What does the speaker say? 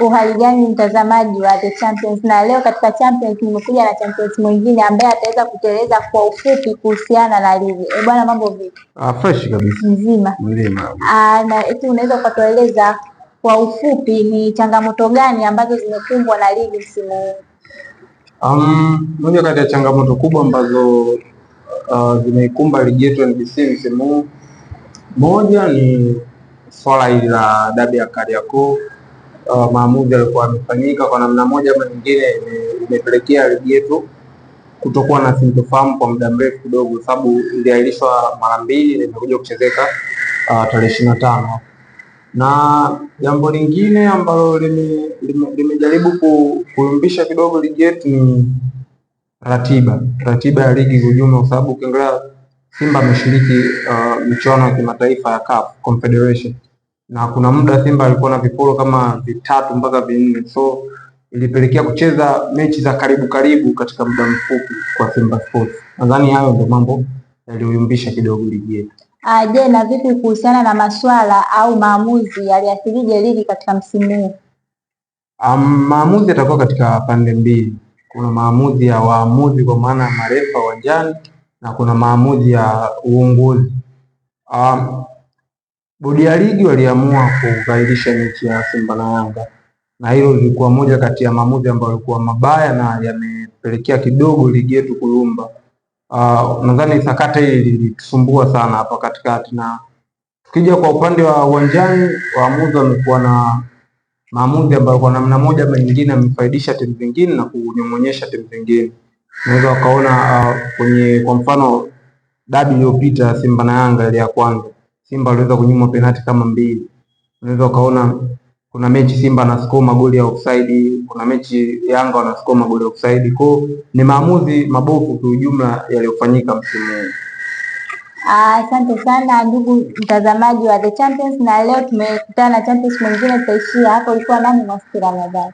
Uhali gani mtazamaji wa The Champions, na leo katika Champions nimekuja na Champions mwingine ambaye ataweza kuteleza kwa ufupi kuhusiana na ligi. E bwana mambo vipi? Ah, fresh kabisa. Mzima. Mzima. Ah, na eti unaweza kutueleza kwa ufupi ni changamoto gani ambazo zimekumbwa na ligi msimu huu? Um, moja kati ya changamoto kubwa ambazo uh, zimeikumba ligi yetu NBC msimu huu, moja ni swala hili la dabi ya Kariakoo uh, maamuzi yalikuwa yamefanyika kwa namna moja ama nyingine imepelekea ligi yetu kutokuwa na sintofahamu kwa muda mrefu kidogo, sababu iliahirishwa mara mbili na imekuja kuchezeka uh, tarehe ishirini na tano na jambo lingine ambalo limejaribu kuyumbisha kidogo ligi yetu ni ratiba ratiba ya ligi kwa kwa sababu ukiangalia Simba ameshiriki uh, michuano ya kimataifa ya CAF Confederation na kuna muda Simba alikuwa na viporo kama vitatu mpaka vinne, so ilipelekea kucheza mechi za karibu karibu katika muda mfupi kwa Simba Sports. Nadhani hayo ndio mambo yaliyoyumbisha kidogo ligi yetu. Ah, je, na vipi kuhusiana na maswala au maamuzi yaliathirije ligi katika msimu huu? Um, maamuzi yatakuwa katika pande mbili. Kuna maamuzi ya waamuzi kwa maana ya marefa uwanjani na kuna maamuzi ya uongozi um, Bodi ya ligi waliamua kughairisha mechi ya Simba na Yanga, na hilo lilikuwa moja kati ya maamuzi ambayo yalikuwa mabaya na yamepelekea kidogo ligi yetu kuyumba. Uh, ah, nadhani sakata hili lilitusumbua sana hapa katikati, na tukija kwa upande wa uwanjani, waamuzi wamekuwa na maamuzi ambayo kwa namna moja ama nyingine amefaidisha timu zingine na kunyong'onyesha timu zingine. Unaweza ukaona uh, kwenye kwa mfano dabi iliyopita Simba na Yanga ile ya kwanza Simba aliweza kunyimwa penati kama mbili. Unaweza ukaona kuna mechi Simba anascore magoli ya offside, kuna mechi Yanga wanascore magoli ya offside. Kwa ni maamuzi mabovu kwa ujumla yaliyofanyika msimu huu. Ah, asante ah, sana ndugu mtazamaji wa The Champions, na leo tumekutana na Champions mwingine, tutaishia hapo. Ilikuwa nani Mwasikira Ramadhani.